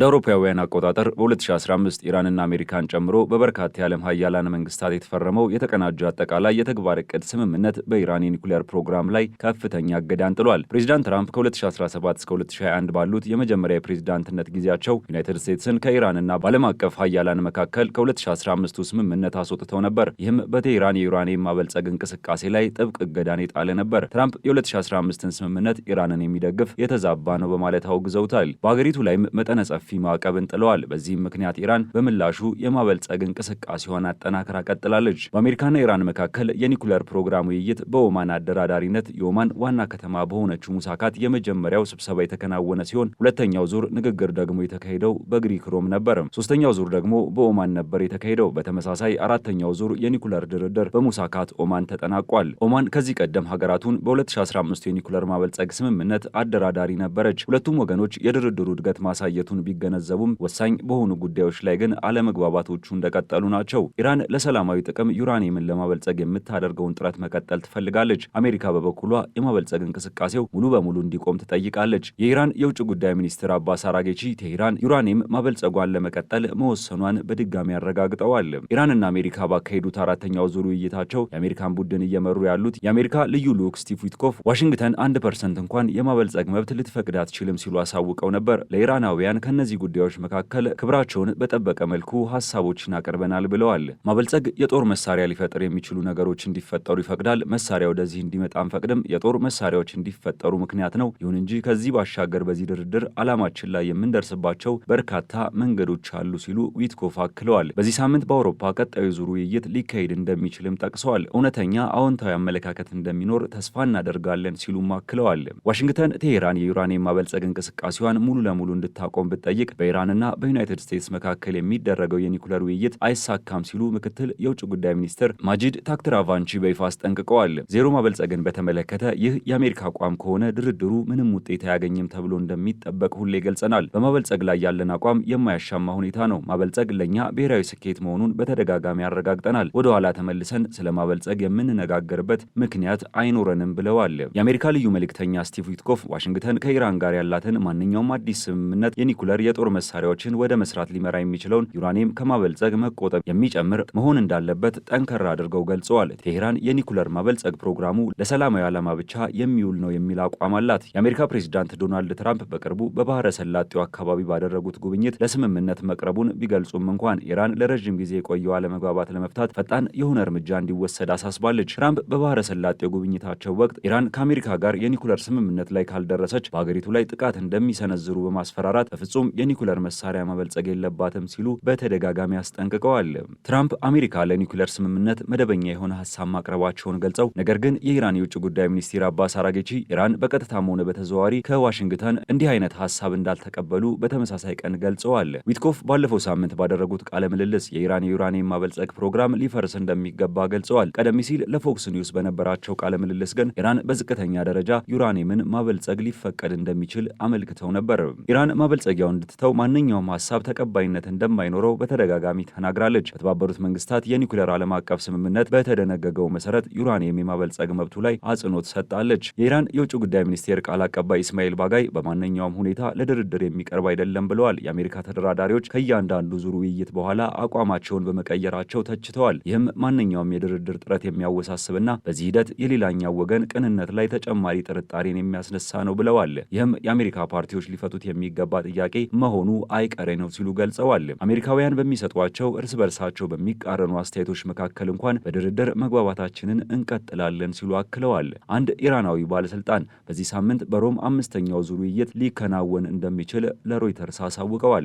እንደ አውሮፓውያን አቆጣጠር በ2015 ኢራንና አሜሪካን ጨምሮ በበርካታ የዓለም ሀያላን መንግስታት የተፈረመው የተቀናጀ አጠቃላይ የተግባር እቅድ ስምምነት በኢራን የኒኩሊየር ፕሮግራም ላይ ከፍተኛ እገዳን ጥሏል። ፕሬዚዳንት ትራምፕ ከ2017 እስከ 2021 ባሉት የመጀመሪያ የፕሬዚዳንትነት ጊዜያቸው ዩናይትድ ስቴትስን ከኢራንና በዓለም አቀፍ ሀያላን መካከል ከ2015ቱ ስምምነት አስወጥተው ነበር። ይህም በቴህራን የዩራኒየም ማበልጸግ እንቅስቃሴ ላይ ጥብቅ እገዳን የጣለ ነበር። ትራምፕ የ2015ን ስምምነት ኢራንን የሚደግፍ የተዛባ ነው በማለት አውግዘውታል። በአገሪቱ ላይም መጠነ ሰፊ ሰፊ ማዕቀብን ጥለዋል። በዚህም ምክንያት ኢራን በምላሹ የማበልጸግ እንቅስቃሴዋን አጠናክራ ቀጥላለች። በአሜሪካና ኢራን መካከል የኒኩሌር ፕሮግራም ውይይት በኦማን አደራዳሪነት የኦማን ዋና ከተማ በሆነችው ሙሳካት የመጀመሪያው ስብሰባ የተከናወነ ሲሆን ሁለተኛው ዙር ንግግር ደግሞ የተካሄደው በግሪክ ሮም ነበር። ሶስተኛው ዙር ደግሞ በኦማን ነበር የተካሄደው። በተመሳሳይ አራተኛው ዙር የኒኩለር ድርድር በሙሳካት ኦማን ተጠናቋል። ኦማን ከዚህ ቀደም ሀገራቱን በ2015 የኒኩለር ማበልጸግ ስምምነት አደራዳሪ ነበረች። ሁለቱም ወገኖች የድርድሩ እድገት ማሳየቱን ቢገነዘቡም ወሳኝ በሆኑ ጉዳዮች ላይ ግን አለመግባባቶቹ እንደቀጠሉ ናቸው። ኢራን ለሰላማዊ ጥቅም ዩራኒየምን ለማበልጸግ የምታደርገውን ጥረት መቀጠል ትፈልጋለች። አሜሪካ በበኩሏ የማበልጸግ እንቅስቃሴው ሙሉ በሙሉ እንዲቆም ትጠይቃለች። የኢራን የውጭ ጉዳይ ሚኒስትር አባስ አራጌቺ ቴሄራን ዩራኒየም ማበልጸጓን ለመቀጠል መወሰኗን በድጋሚ አረጋግጠዋል። ኢራንና አሜሪካ ባካሄዱት አራተኛው ዙር ውይይታቸው የአሜሪካን ቡድን እየመሩ ያሉት የአሜሪካ ልዩ ልዑክ ስቲቭ ዊትኮፍ ዋሽንግተን አንድ ፐርሰንት እንኳን የማበልጸግ መብት ልትፈቅድ አትችልም ሲሉ አሳውቀው ነበር። ለኢራናውያን ከነ በእነዚህ ጉዳዮች መካከል ክብራቸውን በጠበቀ መልኩ ሀሳቦችን አቅርበናል ብለዋል። ማበልጸግ የጦር መሳሪያ ሊፈጥር የሚችሉ ነገሮች እንዲፈጠሩ ይፈቅዳል። መሳሪያ ወደዚህ እንዲመጣ አንፈቅድም። የጦር መሳሪያዎች እንዲፈጠሩ ምክንያት ነው። ይሁን እንጂ ከዚህ ባሻገር በዚህ ድርድር ዓላማችን ላይ የምንደርስባቸው በርካታ መንገዶች አሉ ሲሉ ዊትኮፍ አክለዋል። በዚህ ሳምንት በአውሮፓ ቀጣዩ ዙር ውይይት ሊካሄድ እንደሚችልም ጠቅሰዋል። እውነተኛ አዎንታዊ አመለካከት እንደሚኖር ተስፋ እናደርጋለን ሲሉም አክለዋል። ዋሽንግተን ቴሄራን የዩራኒየም ማበልጸግ እንቅስቃሴዋን ሙሉ ለሙሉ እንድታቆም ብጠ ስትጠይቅ በኢራንና በዩናይትድ ስቴትስ መካከል የሚደረገው የኒኩለር ውይይት አይሳካም ሲሉ ምክትል የውጭ ጉዳይ ሚኒስትር ማጂድ ታክትራቫንቺ በይፋ አስጠንቅቀዋል። ዜሮ ማበልጸግን በተመለከተ ይህ የአሜሪካ አቋም ከሆነ ድርድሩ ምንም ውጤት አያገኝም ተብሎ እንደሚጠበቅ ሁሌ ገልጸናል። በማበልጸግ ላይ ያለን አቋም የማያሻማ ሁኔታ ነው። ማበልጸግ ለእኛ ብሔራዊ ስኬት መሆኑን በተደጋጋሚ አረጋግጠናል። ወደ ኋላ ተመልሰን ስለ ማበልጸግ የምንነጋገርበት ምክንያት አይኖረንም ብለዋል። የአሜሪካ ልዩ መልእክተኛ ስቲቭ ዊትኮፍ ዋሽንግተን ከኢራን ጋር ያላትን ማንኛውም አዲስ ስምምነት የኒኩለር በመጨመር የጦር መሳሪያዎችን ወደ መስራት ሊመራ የሚችለውን ዩራኒየም ከማበልጸግ መቆጠብ የሚጨምር መሆን እንዳለበት ጠንከራ አድርገው ገልጸዋል። ቴሄራን የኒኩለር ማበልጸግ ፕሮግራሙ ለሰላማዊ ዓላማ ብቻ የሚውል ነው የሚል አቋም አላት። የአሜሪካ ፕሬዚዳንት ዶናልድ ትራምፕ በቅርቡ በባህረ ሰላጤው አካባቢ ባደረጉት ጉብኝት ለስምምነት መቅረቡን ቢገልጹም እንኳን ኢራን ለረዥም ጊዜ የቆየው አለመግባባት ለመፍታት ፈጣን የሆነ እርምጃ እንዲወሰድ አሳስባለች። ትራምፕ በባህረ ሰላጤው ጉብኝታቸው ወቅት ኢራን ከአሜሪካ ጋር የኒኩለር ስምምነት ላይ ካልደረሰች በሀገሪቱ ላይ ጥቃት እንደሚሰነዝሩ በማስፈራራት በፍጹም አሜሪካም የኒኩለር መሳሪያ መበልጸግ የለባትም ሲሉ በተደጋጋሚ አስጠንቅቀዋል። ትራምፕ አሜሪካ ለኒኩለር ስምምነት መደበኛ የሆነ ሀሳብ ማቅረባቸውን ገልጸው ነገር ግን የኢራን የውጭ ጉዳይ ሚኒስትር አባስ አራጌቺ ኢራን በቀጥታም ሆነ በተዘዋዋሪ ከዋሽንግተን እንዲህ አይነት ሀሳብ እንዳልተቀበሉ በተመሳሳይ ቀን ገልጸዋል። ዊትኮፍ ባለፈው ሳምንት ባደረጉት ቃለ ምልልስ የኢራን የዩራኒየም ማበልጸግ ፕሮግራም ሊፈርስ እንደሚገባ ገልጸዋል። ቀደም ሲል ለፎክስ ኒውስ በነበራቸው ቃለ ምልልስ ግን ኢራን በዝቅተኛ ደረጃ ዩራኒየምን ማበልጸግ ሊፈቀድ እንደሚችል አመልክተው ነበር። ኢራን ማበልጸጊያውን እንድትተው ማንኛውም ሀሳብ ተቀባይነት እንደማይኖረው በተደጋጋሚ ተናግራለች። በተባበሩት መንግስታት የኒኩሌር ዓለም አቀፍ ስምምነት በተደነገገው መሰረት ዩራኒየም የማበልጸግ መብቱ ላይ አጽንኦት ሰጥታለች። የኢራን የውጭ ጉዳይ ሚኒስቴር ቃል አቀባይ ኢስማኤል ባጋይ በማንኛውም ሁኔታ ለድርድር የሚቀርብ አይደለም ብለዋል። የአሜሪካ ተደራዳሪዎች ከእያንዳንዱ ዙር ውይይት በኋላ አቋማቸውን በመቀየራቸው ተችተዋል። ይህም ማንኛውም የድርድር ጥረት የሚያወሳስብና በዚህ ሂደት የሌላኛው ወገን ቅንነት ላይ ተጨማሪ ጥርጣሬን የሚያስነሳ ነው ብለዋል። ይህም የአሜሪካ ፓርቲዎች ሊፈቱት የሚገባ ጥያቄ መሆኑ አይቀሬ ነው ሲሉ ገልጸዋል። አሜሪካውያን በሚሰጧቸው እርስ በርሳቸው በሚቃረኑ አስተያየቶች መካከል እንኳን በድርድር መግባባታችንን እንቀጥላለን ሲሉ አክለዋል። አንድ ኢራናዊ ባለስልጣን በዚህ ሳምንት በሮም አምስተኛው ዙር ውይይት ሊከናወን እንደሚችል ለሮይተርስ አሳውቀዋል።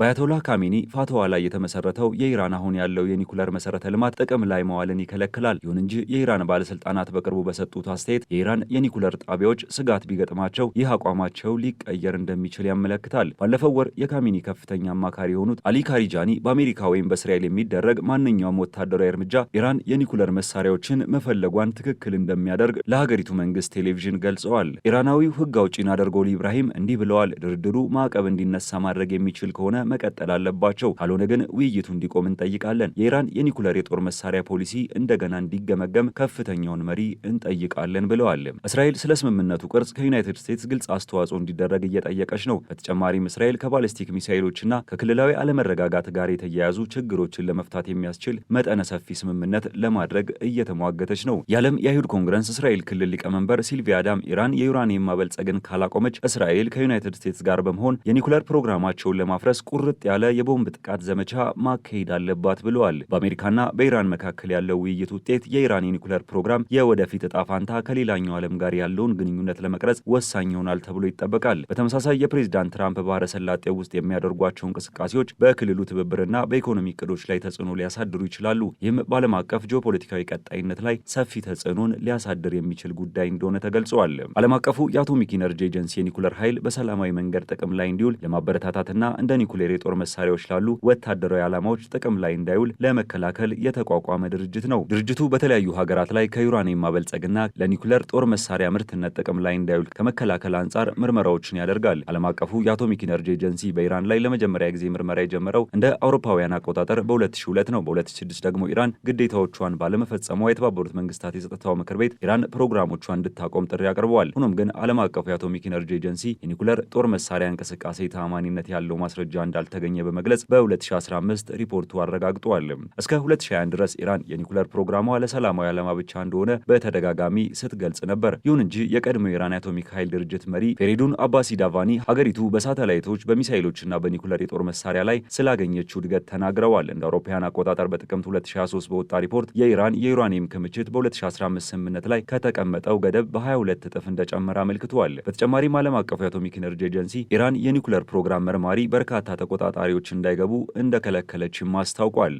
በአያቶላህ ካሚኒ ፋተዋ ላይ የተመሰረተው የኢራን አሁን ያለው የኒኩለር መሰረተ ልማት ጥቅም ላይ መዋልን ይከለክላል። ይሁን እንጂ የኢራን ባለስልጣናት በቅርቡ በሰጡት አስተያየት የኢራን የኒኩለር ጣቢያዎች ስጋት ቢገጥማቸው ይህ አቋማቸው ሊቀየር እንደሚችል ያመለክታል። ባለፈው ባለፈው ወር የካሚኒ ከፍተኛ አማካሪ የሆኑት አሊ ካሪጃኒ በአሜሪካ ወይም በእስራኤል የሚደረግ ማንኛውም ወታደራዊ እርምጃ ኢራን የኒኩለር መሳሪያዎችን መፈለጓን ትክክል እንደሚያደርግ ለሀገሪቱ መንግስት ቴሌቪዥን ገልጸዋል። ኢራናዊው ህግ አውጪ ናደርጎል ኢብራሂም እንዲህ ብለዋል። ድርድሩ ማዕቀብ እንዲነሳ ማድረግ የሚችል ከሆነ መቀጠል አለባቸው፣ ካልሆነ ግን ውይይቱ እንዲቆም እንጠይቃለን። የኢራን የኒኩለር የጦር መሳሪያ ፖሊሲ እንደገና እንዲገመገም ከፍተኛውን መሪ እንጠይቃለን ብለዋል። እስራኤል ስለ ስምምነቱ ቅርጽ ከዩናይትድ ስቴትስ ግልጽ አስተዋጽኦ እንዲደረግ እየጠየቀች ነው። በተጨማሪም እስራኤል እስራኤል ከባለስቲክ ሚሳይሎችና ከክልላዊ አለመረጋጋት ጋር የተያያዙ ችግሮችን ለመፍታት የሚያስችል መጠነ ሰፊ ስምምነት ለማድረግ እየተሟገተች ነው። የዓለም የአይሁድ ኮንግረስ እስራኤል ክልል ሊቀመንበር ሲልቪያ አዳም ኢራን የዩራኒየም ማበልጸግን ካላቆመች እስራኤል ከዩናይትድ ስቴትስ ጋር በመሆን የኒኩለር ፕሮግራማቸውን ለማፍረስ ቁርጥ ያለ የቦምብ ጥቃት ዘመቻ ማካሄድ አለባት ብለዋል። በአሜሪካና በኢራን መካከል ያለው ውይይት ውጤት የኢራን የኒኩለር ፕሮግራም የወደፊት እጣ ፋንታ ከሌላኛው ዓለም ጋር ያለውን ግንኙነት ለመቅረጽ ወሳኝ ይሆናል ተብሎ ይጠበቃል። በተመሳሳይ የፕሬዚዳንት ትራምፕ ባህረ ሰላጤው ውስጥ የሚያደርጓቸው እንቅስቃሴዎች በክልሉ ትብብርና በኢኮኖሚ እቅዶች ላይ ተጽዕኖ ሊያሳድሩ ይችላሉ። ይህም በዓለም አቀፍ ጂኦፖለቲካዊ ቀጣይነት ላይ ሰፊ ተጽዕኖን ሊያሳድር የሚችል ጉዳይ እንደሆነ ተገልጸዋል። ዓለም አቀፉ የአቶሚክ ኢነርጂ ኤጀንሲ የኒኩለር ኃይል በሰላማዊ መንገድ ጥቅም ላይ እንዲውል ለማበረታታትና እንደ ኒኩሌር የጦር መሳሪያዎች ላሉ ወታደራዊ ዓላማዎች ጥቅም ላይ እንዳይውል ለመከላከል የተቋቋመ ድርጅት ነው። ድርጅቱ በተለያዩ ሀገራት ላይ ከዩራኒየም ማበልጸግና ለኒኩለር ጦር መሳሪያ ምርትነት ጥቅም ላይ እንዳይውል ከመከላከል አንጻር ምርመራዎችን ያደርጋል። ዓለም አቀፉ የአቶሚክ ኢነርጂ ኤጀንሲ በኢራን ላይ ለመጀመሪያ ጊዜ ምርመራ የጀመረው እንደ አውሮፓውያን አቆጣጠር በ2002 ነው። በ2006 ደግሞ ኢራን ግዴታዎቿን ባለመፈጸሟ የተባበሩት መንግስታት የጸጥታው ምክር ቤት ኢራን ፕሮግራሞቿን እንድታቆም ጥሪ አቅርበዋል። ሆኖም ግን ዓለም አቀፉ የአቶሚክ ኤነርጂ ኤጀንሲ የኒኩለር ጦር መሳሪያ እንቅስቃሴ ተአማኒነት ያለው ማስረጃ እንዳልተገኘ በመግለጽ በ2015 ሪፖርቱ አረጋግጧል። እስከ 2021 ድረስ ኢራን የኒኩለር ፕሮግራሟ ለሰላማዊ ዓላማ ብቻ እንደሆነ በተደጋጋሚ ስትገልጽ ነበር። ይሁን እንጂ የቀድሞ የኢራን የአቶሚክ ኃይል ድርጅት መሪ ፌሬዱን አባሲ ዳቫኒ ሀገሪቱ በሳተላይቶች ሮኬቶች በሚሳይሎችና በኒኩለር የጦር መሳሪያ ላይ ስላገኘችው እድገት ተናግረዋል። እንደ አውሮፓውያን አቆጣጠር በጥቅምት 2023 በወጣ ሪፖርት የኢራን የዩራኒየም ክምችት በ2015 ስምምነት ላይ ከተቀመጠው ገደብ በ22 እጥፍ እንደጨመረ አመልክቷል። በተጨማሪም ዓለም አቀፉ የአቶሚክ ኤነርጂ ኤጀንሲ ኢራን የኒኩለር ፕሮግራም መርማሪ በርካታ ተቆጣጣሪዎች እንዳይገቡ እንደከለከለችም አስታውቋል።